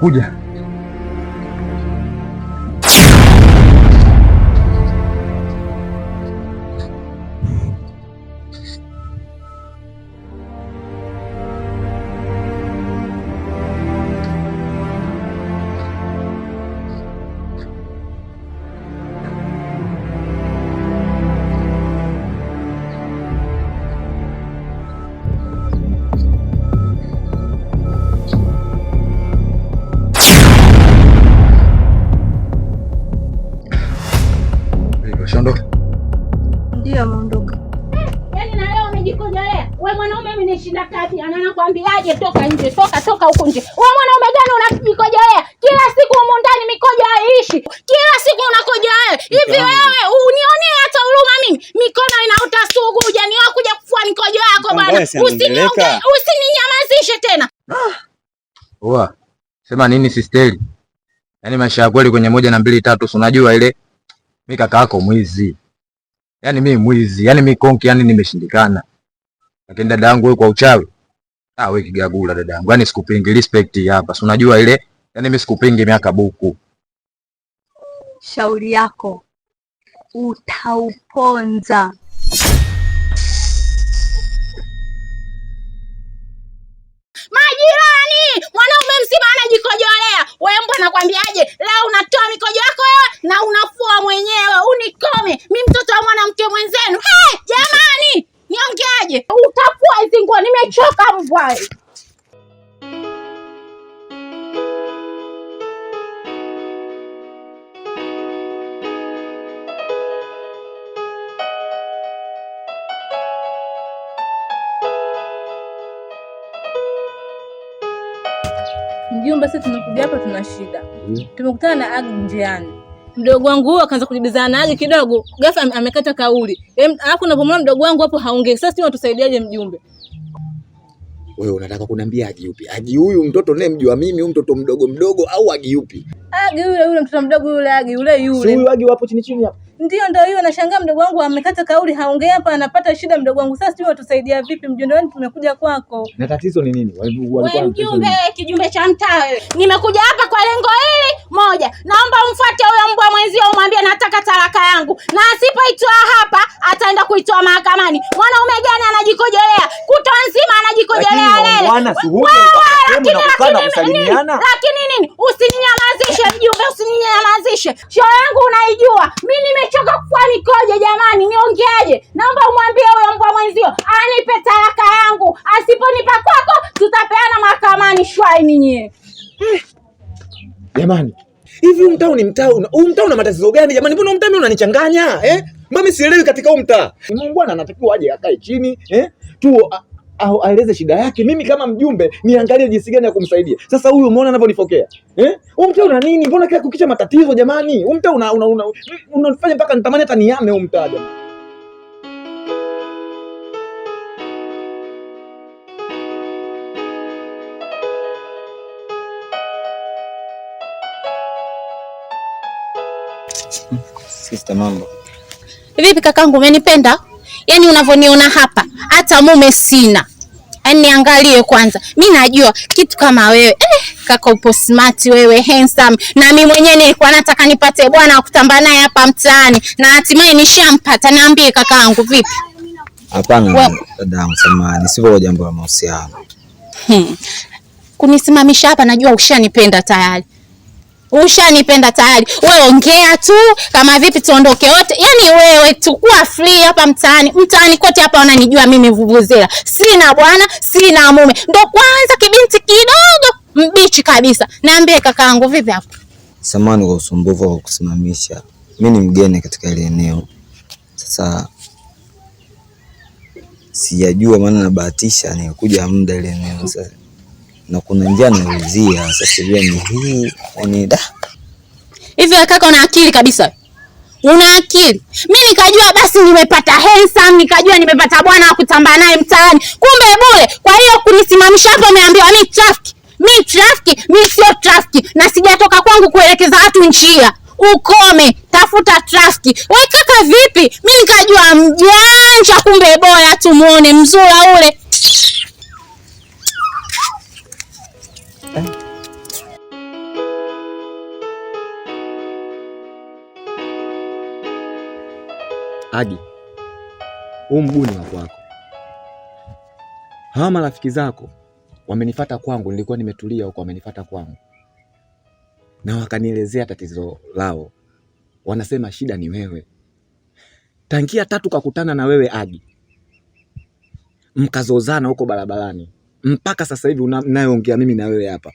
Nitakuja. anaenda kazi anakwambiaje, toka nje, toka toka huko nje. Wewe mwanaume gani una mikoja haya? Kila siku humu ndani mikoja haiishi, kila siku unakoja haya hivi. Wewe unionee hata huruma mimi, mikono inaota sugu, ujani wako kuja kufua mikoja yako bwana. Usiniongee, usininyamazishe tena. Ah. Oa, sema nini sisteli? Yaani maisha ya kweli kwenye moja na mbili tatu, si unajua ile mimi kaka yako mwizi. Yaani mimi mwizi, yaani mimi konki, yaani nimeshindikana. Lakini dada yangu wewe kwa uchawi. Ah, wewe kigagula dada yangu. Yaani sikupingi respect hapa. Si unajua ile? Yaani mimi sikupingi miaka buku. Shauri yako utauponza. Majirani, mwanaume mzima anajikojolea. Wewe mbona nakwambiaje? Leo unatoa mikojo yako wewe na unafua mwenyewe. Unikome. Mimi mtoto wa mwanamke mwenzenu. Hey! mbwa, nimechoka mbwa. Mjumbe, sisi tunakuja hapa, tuna shida. Mm-hmm. Tumekutana na Agi njiani, mdogo wangu huyo akaanza kujibizana na Agi kidogo, ghafla amekata kauli. Alafu unapomwona mdogo wangu hapo haongei. Sasa sisi watusaidiaje mjumbe? Wewe unataka kuniambia aji yupi? Aji huyu mtoto naye mjua mimi, huyu mtoto mdogo mdogo au aji yupi? Aji yule yule mtoto mdogo yule, aji yule yule. Si huyu aji wapo chini chini hapa? Ndio ndio hiyo, nashangaa mdogo wangu amekata kauli, haongea hapa, anapata shida mdogo wangu. Sasa sijui watusaidia vipi, mjomba wangu, tumekuja kwako. Na tatizo ni nini? Walikuwa mjumbe kijumbe cha mtaa wewe. Nimekuja hapa kwa lengo hili moja. Naomba umfuate huyo mbwa kaka yangu, na asipoitoa hapa ataenda kuitoa mahakamani. Mwanaume gani anajikojolea kuto nzima anajikojolea lele, lakini nini? Usininyamazishe mjumbe, usininyamazishe. Show yangu unaijua, mi nimechoka kwa nikoje? Jamani, niongeaje? Naomba umwambie huyo mbwa mwenzio anipe talaka yangu, asiponipa kwako tutapeana mahakamani. Shwai ninyie, jamani hivi huu mtaa ni mtaa huu mtaa una matatizo gani jamani? Mbona mtaa mimi unanichanganya eh? Mimi sielewi katika huu mtaa. Bwana anatakiwa aje akae chini eh? Tu aeleze shida yake, mimi kama mjumbe niangalie jinsi gani ya kumsaidia. Sasa huyu umeona anavyonifokea eh? Huu mtaa una nini? Mbona kila kukicha matatizo jamani? Huu mtaa una unafanya una, una, mpaka nitamani hata niame huu mtaa jamani. Sister, mambo vipi kakangu, umenipenda? Yaani unavyoniona hapa hata mume sina. Yaani niangalie kwanza, mi najua kitu kama wewe eh, kaka upo smart wewe, handsome. Na mi mwenyewe nilikuwa nataka nipate bwana wa kutamba naye hapa mtaani na hatimaye nishampata. Niambie kakangu, vipi? Hapana dadangu, samahani, sivyo jambo la mahusiano. Hmm. Kunisimamisha hapa, najua ushanipenda tayari Ushanipenda tayari. Wewe ongea tu kama vipi tuondoke wote. Yaani wewe tukuwa free hapa mtaani. Mtaani kote hapa wananijua mimi vuvuzela. Sina bwana, sina mume. Ndo kwanza kibinti kidogo mbichi kabisa. Naambie kakaangu vipi hapo? Samani kwa usumbufu wa kusimamisha. Mimi ni mgeni katika ile eneo. Sasa sijajua maana nabahatisha nikuja muda ile eneo sasa na kuna njia nauzia sasa ni hii ni da hivi. Kaka una akili kabisa, una akili. Mi nikajua basi nimepata handsome, nikajua nimepata bwana wa kutamba naye mtaani, kumbe bure. Kwa hiyo kunisimamisha hapo, umeambiwa mi trafiki, mi trafiki, mi sio trafiki na sijatoka kwangu kuelekeza watu njia. Ukome, tafuta trafiki. We kaka, vipi? Mi nikajua mjanja, kumbe bora, muone mzula ule Eh? Adi, huu mguu ni wa kwako. Hawa marafiki zako wamenifata kwangu, nilikuwa nimetulia huko, wamenifata kwangu na wakanielezea tatizo lao. Wanasema shida ni wewe. Tangia tatu kakutana na wewe Adi, mkazozana huko barabarani, mpaka sasa hivi unayoongea mimi na wewe hapa,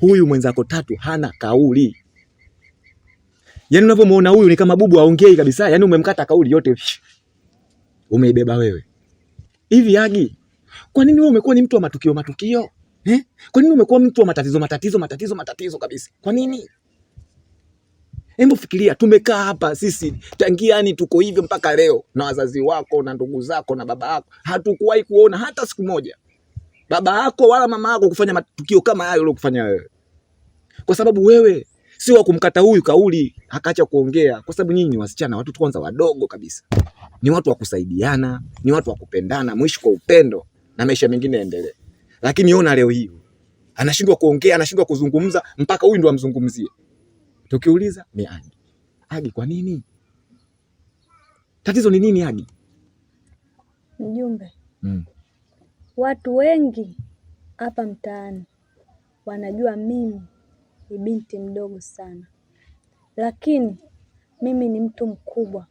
huyu mwenzako Tatu hana kauli. Yani unavyomuona huyu ni kama bubu aongei kabisa, yani umemkata kauli yote, umeibeba wewe. Hivi Agi, kwa nini wewe umekuwa ni mtu wa matukio matukio eh? Kwa nini umekuwa mtu wa matatizo matatizo matatizo matatizo kabisa? Kwa nini? Hebu fikiria, tumekaa hapa sisi tangiani tuko hivyo mpaka leo, na wazazi wako na ndugu zako na baba yako, hatukuwahi kuona hata siku moja baba yako wala mama yako kufanya matukio kama hayo uliyofanya wewe, kwa sababu wewe si wa kumkata huyu kauli akaacha kuongea, kwa sababu nyinyi wasichana, watu kwanza wadogo kabisa, ni watu wa kusaidiana, ni watu wa kupendana, mwishi kwa upendo na maisha mengine yaendelee. Lakini ona leo hii anashindwa kuongea, anashindwa kuzungumza, mpaka huyu ndo amzungumzie. Tukiuliza ni Agi. Agi, kwa nini? Tatizo ni nini Agi? Mjumbe. Mm. Watu wengi hapa mtaani wanajua mimi ni binti mdogo sana, lakini mimi ni mtu mkubwa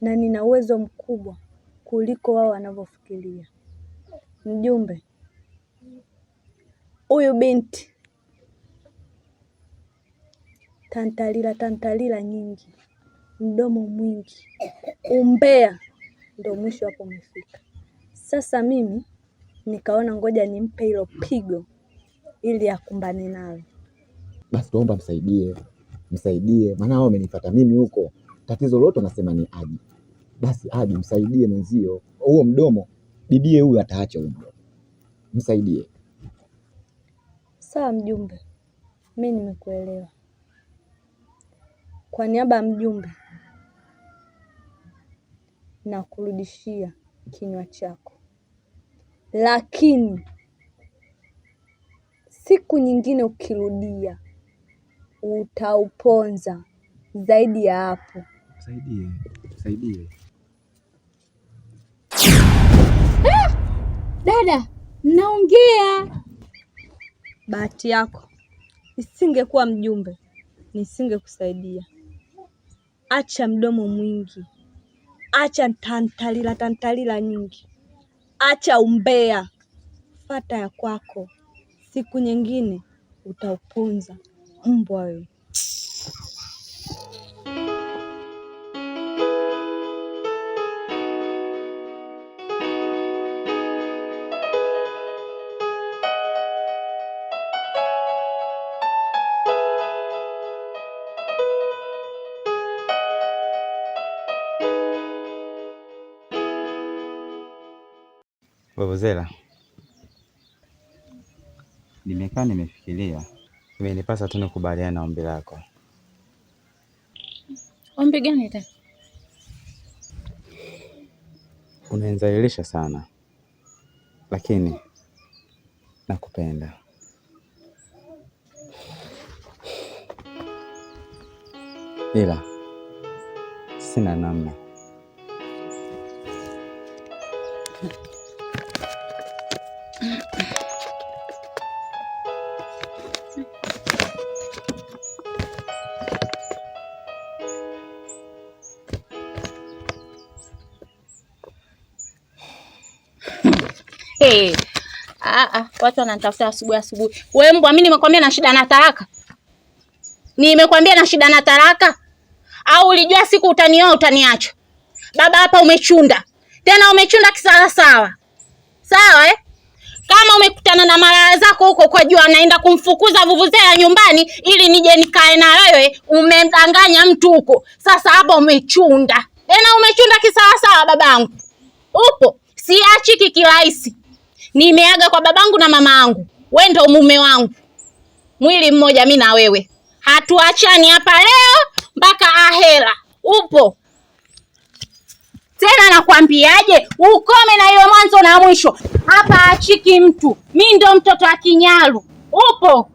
na nina uwezo mkubwa kuliko wao wanavyofikiria. Mjumbe, huyu binti tantalila tantalila nyingi, mdomo mwingi, umbea, ndio mwisho hapo umefika. Sasa mimi nikaona ngoja nimpe hilo pigo ili akumbane nalo. Basi tuomba msaidie, msaidie, maana wao wamenifuata mimi huko, tatizo lote wanasema ni aji Basi aji msaidie mwenzio huo mdomo, bibie huyu ataacha huo mdomo, msaidie. Sawa mjumbe, mi nimekuelewa. Kwa niaba ya mjumbe nakurudishia kinywa chako lakini siku nyingine ukirudia utauponza zaidi ya hapo. Saidie, saidie. Ah! Dada, naongea. Bahati yako, isingekuwa mjumbe nisingekusaidia. Acha mdomo mwingi, acha tantalila tantalila nyingi acha umbea, fata ya kwako, siku nyingine utaupunza mbwa wewe. Vuvuzela. Nimekaa nimefikiria, imenipasa tu nikubaliana na ombi lako. Ombi gani tena? Unanizalilisha sana, lakini nakupenda. Ila sina namna. Ah, ah. watu wananitafuta asubuhi asubuhi. Wewe mbwa, mimi nimekwambia na shida na taraka? Nimekwambia na shida na taraka? Au ulijua siku utanioa utaniacha? Baba hapa umechunda. Tena umechunda kisawa sawa. Sawa eh? Kama umekutana na malaya zako huko kwa jua anaenda kumfukuza vuvuzela nyumbani ili nije nikae na wewe, umemdanganya mtu huko. Sasa hapa umechunda. Tena umechunda kisawa sawa babangu. Upo siachi kikirahisi. Nimeaga kwa babangu na angu, wewe ndo mume wangu, mwili mmoja mi na wewe, hatuachani hapa leo mpaka ahera. Upo tena, nakwambiaje, ukome na ile mwanzo na mwisho hapa, achiki mtu. Mi ndo mtoto wa Kinyalu. Upo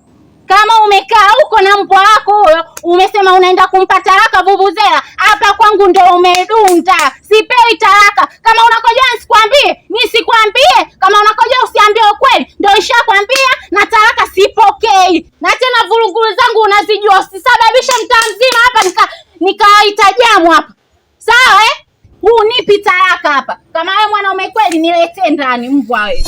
kama umekaa huko na mbwa wako huyo, umesema unaenda kumpa talaka vuvuzela, hapa kwangu ndo umedunda. Sipewi talaka. Kama unakojua nisikwambie, nisikwambie. Kama unakoja usiambie ukweli, ndo ishakwambia na talaka sipokei. Na tena vurugu zangu unazijua, usisababishe mtaa mzima hapa nika nikaita jamu hapa, sawa eh? Huu nipi talaka hapa. Kama wewe mwanaume kweli, niletee ndani mbwa wewe.